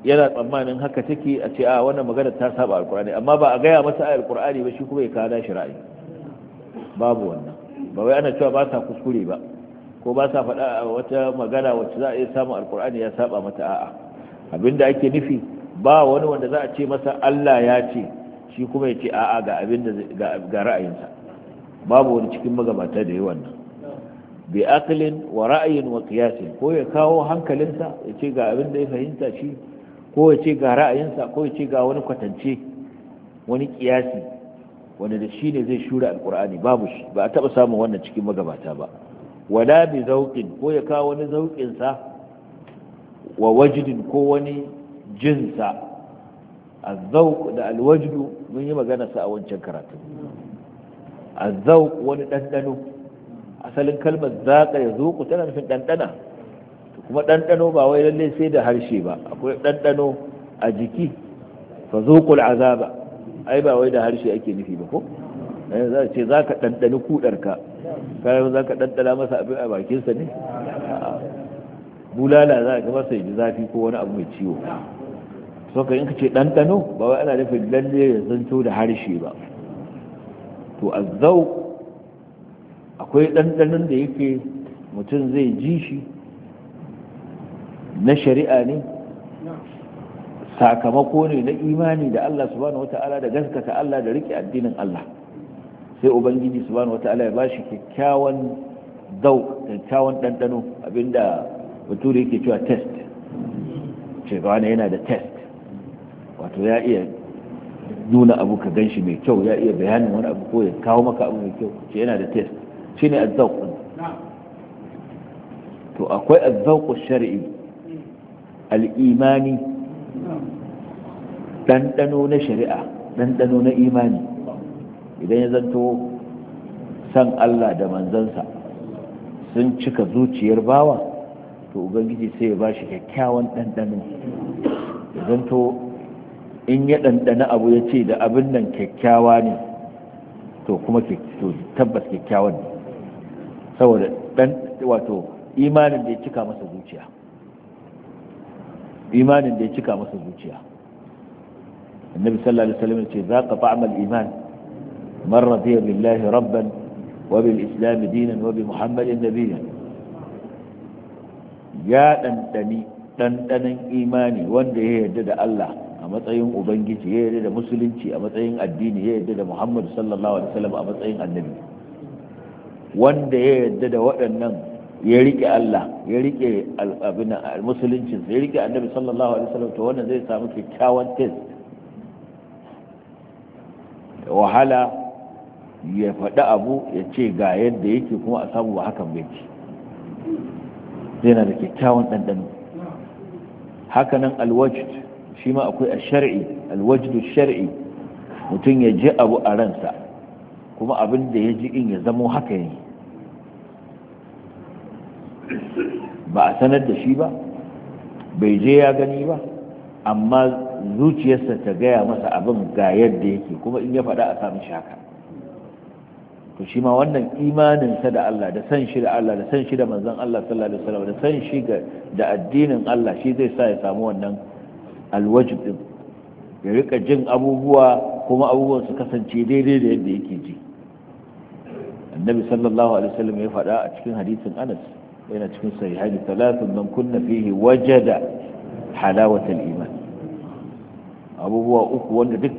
yana tsammanin haka take a ce a wannan magana ta saba alkur'ani amma ba a gaya masa a alkur'ani ba shi kuma ya kada shi ra'ayi babu wannan ba wai ana cewa ba sa kuskure ba ko ba sa faɗa wata magana wacce za a iya samun alkur'ani ya saba mata a'a abinda ake nufi ba wani wanda za a ce masa Allah ya ce shi kuma ya ce a'a ga da ga ra'ayinsa babu wani cikin magabata da yi wannan bi aqlin wa ra'ayin wa qiyasin ko ya kawo hankalinsa ya ce ga abin da ya fahimta shi ko ya ce ga ra'ayinsa ko ya ce ga wani kwatance wani kiyasi wanda da shi ne zai shura alkur'ani babu shi ba a taɓa samun wannan cikin magabata ba wala bi zauƙin ko ya kawo wani zauƙinsa wa wajidin ko wani jinsa azzauk da alwajdu mun yi magana sa a wancan karatu azzauk wani ɗanɗano asalin kalmar zaƙa ya zuƙu tana nufin ɗanɗana kuma ɗanɗano ba wai lalle sai da harshe ba akwai ɗanɗano a jiki fa zuƙul azaba ai ba wai da harshe ake nufi ba ko eh, za ce za ka ɗanɗani kuɗarka kayan za ka ɗanɗana masa abin a bakinsa ne bulala za ka masa yi zafi ko wani abu mai ciwo so ka in ka ce ɗanɗano ba wai ana nufin lalle ya zanto da harshe ba to a zau akwai ɗanɗanon da yake mutum zai ji shi na shari'a ne sakamako ne na imani da Allah subhanahu wata'ala da gaskata Allah da rike addinin Allah sai ubangiji subhanahu wata'ala ya bashi kyakkyawan dau kyakkyawan dandano abinda bature yake cewa test ce ba yana da test wato ya iya nuna abu ka ganshi mai kyau ya iya bayanin wani abu ko ya kawo maka abu mai kyau ce yana da test shine azzauq to akwai azzauq shar'i al-imani ɗanɗano na shari'a ɗanɗano na imani idan ya zanto san Allah da manzansa sun cika zuciyar bawa to ubangiji sai ya ba shi kyakkyawan ɗanɗano ya zanto in ya ɗanɗana abu ya ce da abin nan kyakkyawa ne to kuma tabbas kyakkyawan ne saboda wato imanin da ya cika masa zuciya imanin da ya cika masa zuciya annabi sallallahu alaihi wasallam ce za ka fa'ama iman man radiya billahi rabban wa bil islam dinan wa bi muhammadin nabiyyan ya dandani dandanan imani wanda ya yarda da Allah a matsayin ubangiji ya yarda da musulunci a matsayin addini ya yarda da Muhammad sallallahu alaihi wasallam a matsayin annabi wanda ya yarda da waɗannan ya rike Allah ya rike abin musuluncin ya rike annabi sallallahu alaihi wasallam to wannan zai samu kyakkyawan test da wahala ya faɗi abu ya ce ga yadda yake kuma a samu ba hakan bai ci zai na da kyakkyawan ɗanɗano hakanan alwajd shi ma akwai a shari'i alwajdu shari'i mutum ya ji abu a ransa kuma abin da ya ji in ya zamo haka yi ba a sanar da shi ba bai je ya gani ba amma zuciyarsa ta gaya masa abin ga yadda yake kuma in ya faɗa a samun shaka. to shi ma wannan imaninsa da Allah da san shi da Allah da san shi da manzon Allah sallallahu alaihi wasallam da san shi da addinin Allah shi zai sa ya samu wannan alwajib din ya rika jin abubuwa kuma abubuwan su kasance daidai da yadda yake ji annabi sallallahu alaihi wasallam ya faɗa a cikin hadisin Anas yana cikin sahihani talatin don kunna fihi wajada halawatan iman abubuwa uku wanda duk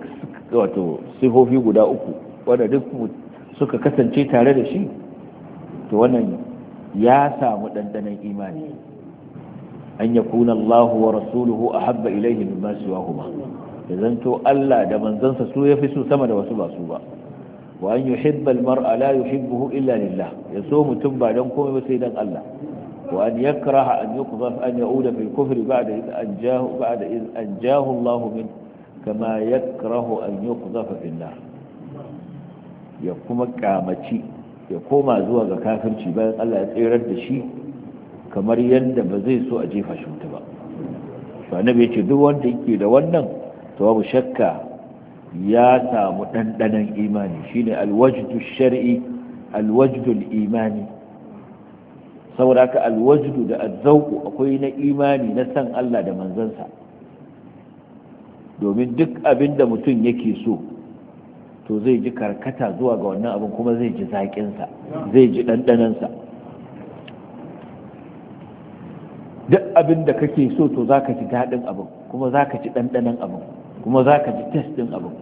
wato sifofi guda uku wanda duk suka kasance tare da shi to wannan ya samu dandanan imani an yakuna Allahu wa rasuluhu ahabba ilayhi mimma siwahuma yanzu to Allah da manzansa su yafi su sama da wasu ba su ba wa an yuhibba almar'a la yuhibbuhu illa lillah ya so mutum ba dan komai ba sai dan Allah wa an yakraha an yuqdhaf an ya'uda fil kufri ba'da id anjahu ba'da id Allah min kama yakrahu an yuqdhafa fil nar ya kuma kamaci ya koma zuwa ga kafirci bayan Allah ya tserar da shi kamar yadda ba zai so a jefa shi wuta ba to bai yace duk wanda yake da wannan to babu shakka ya samu ɗanɗanon imani shine alwajdu shar'i alwajdul imani saboda haka alwajdu da azauku akwai na imani na san Allah da manzansa domin duk abin da mutum yake so to zai ji karkata zuwa ga wannan abin kuma zai ji zaƙinsa zai ji ɗanɗanansa duk abin da kake so to za ka ji daɗin abin kuma za ka ji ɗanɗanan abin kuma za ka ji testin abin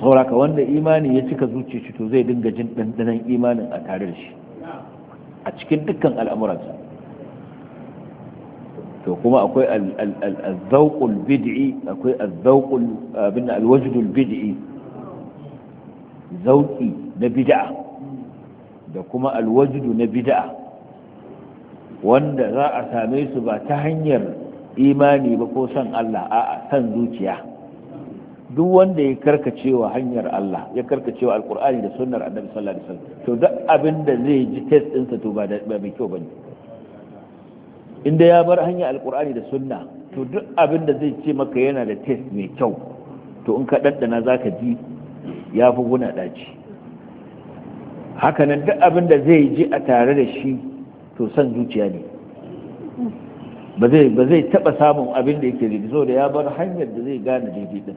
sauraka wanda imani ya cika zuce shi to zai dinga jin ɗanɗanon imanin a tare da shi a cikin dukkan al'amuransa to kuma akwai al-zawqul bid'i akwai al bin al-wajdul bid'i zauki na bid'a da kuma al-wajdu na bid'a wanda za a same su ba ta hanyar imani ba ko son Allah a'a son zuciya duk wanda ya karkacewa hanyar Allah ya karkacewa alkur'ani da sunnar annabi sallallahu alaihi wasallam to duk abin da zai ji test ɗinsa to ba mai kyau bane inda ya bar hanyar alkur'ani da sunna to duk abin da zai ce maka yana da test mai kyau to in ka daddana zaka ji ya fi guna ɗaci nan duk abin da zai ji a tare da shi to son zuciya ne ba zai taɓa taba samun abin da yake daidai da ya bar hanyar da zai gane daidai din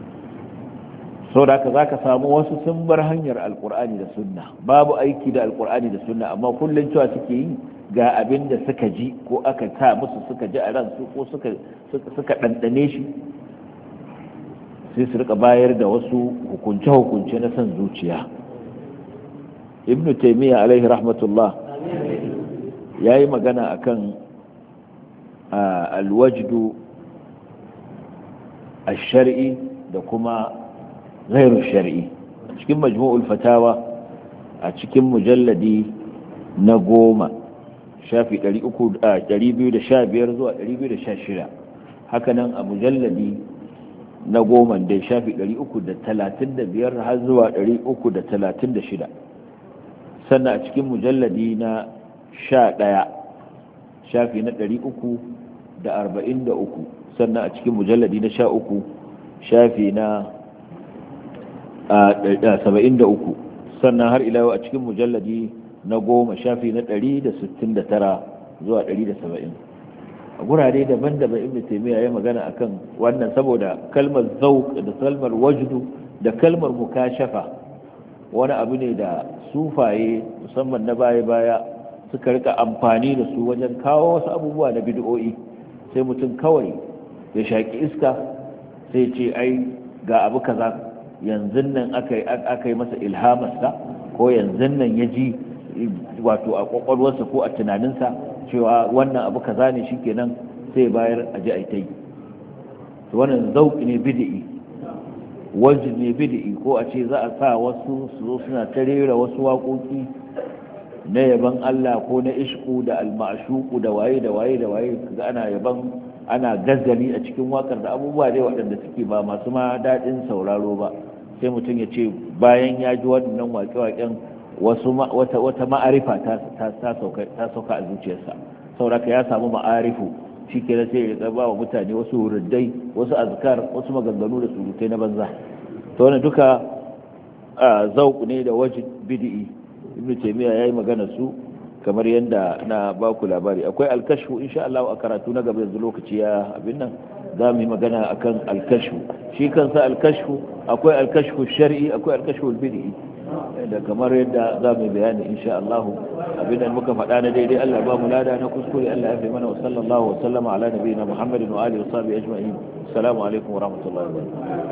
da haka zaka samu wasu sun bar hanyar alkur'ani da sunna babu aiki da alkurani da sunna amma kullun cewa suke yi ga abin da suka ji ko aka ta musu suka ji a ran su ko suka suka dandane shi sai su rika bayar da wasu hukunce-hukunce na son zuciya ibnu taimiyya alaihi rahmatullah ya yi magana akan alwajdu ash da kuma ghairu shar'i cikin majmu'ul fatawa a cikin mujalladi na goma shafi 215 zuwa 216 hakanan a mujalladi na goma da shafi 335 har zuwa 336 sannan a cikin mujalladi na 11 shafi na da arba'in da uku sannan a cikin mujalladi na sha uku shafi na saba'in da uku sannan har ilawa a cikin mujalladi na goma shafi na ɗari da sittin da tara zuwa ɗari da saba'in a gurare daban-daban ibn taimiyya ya magana akan wannan saboda kalmar zauk da kalmar wajdu da kalmar mukashafa wani abu ne da sufaye musamman na baya-baya suka rika amfani da su wajen kawo wasu abubuwa na bid'o'i sai mutum kawai ya shaki iska sai ce ai ga abu kaza yanzu nan aka yi masa ilhamarsa ko yanzu nan ya ji wato a ƙwaƙwalwarsa ko a tunaninsa cewa wannan abu kaza ne shi kenan sai bayar a ji a ta yi wannan zauki ne bidi'i wajen ne bidi'i ko a ce za a sa wasu su zo suna ta rera wasu waƙoƙi na yaban Allah ko na ishku da almashuku da waye da waye da waye kaga ana yaban ana gazzali a cikin wakar da abubuwa dai waɗanda suke ba masu ma daɗin sauraro ba sai mutum ya ce bayan ya ji waɗannan waƙe-waƙen wasu wata ma'arifa ta sauka a zuciyarsa sauraka ya samu ma'arifu shi da sai ya ba wa mutane wasu wurdai wasu azkar wasu maganganu da surutai na banza to wannan duka zauku ne da wajibi bid'i ibn taymiya yayi magana su kamar yadda na ba ku labari akwai alkashfu insha Allah a karatu na gaba yanzu lokaci ya abin nan za mu yi magana akan alkashu shi kansa alkashu akwai alkashfu shar'i akwai alkashu bid'i da kamar yadda za mu bayani insha Allah abin nan muka faɗa na daidai Allah ba mu lada na kuskure Allah ya fi mana wa sallallahu wa sallama ala nabiyina Muhammadin wa alihi wa sahbihi ajma'in assalamu alaikum wa rahmatullahi wa barakatuh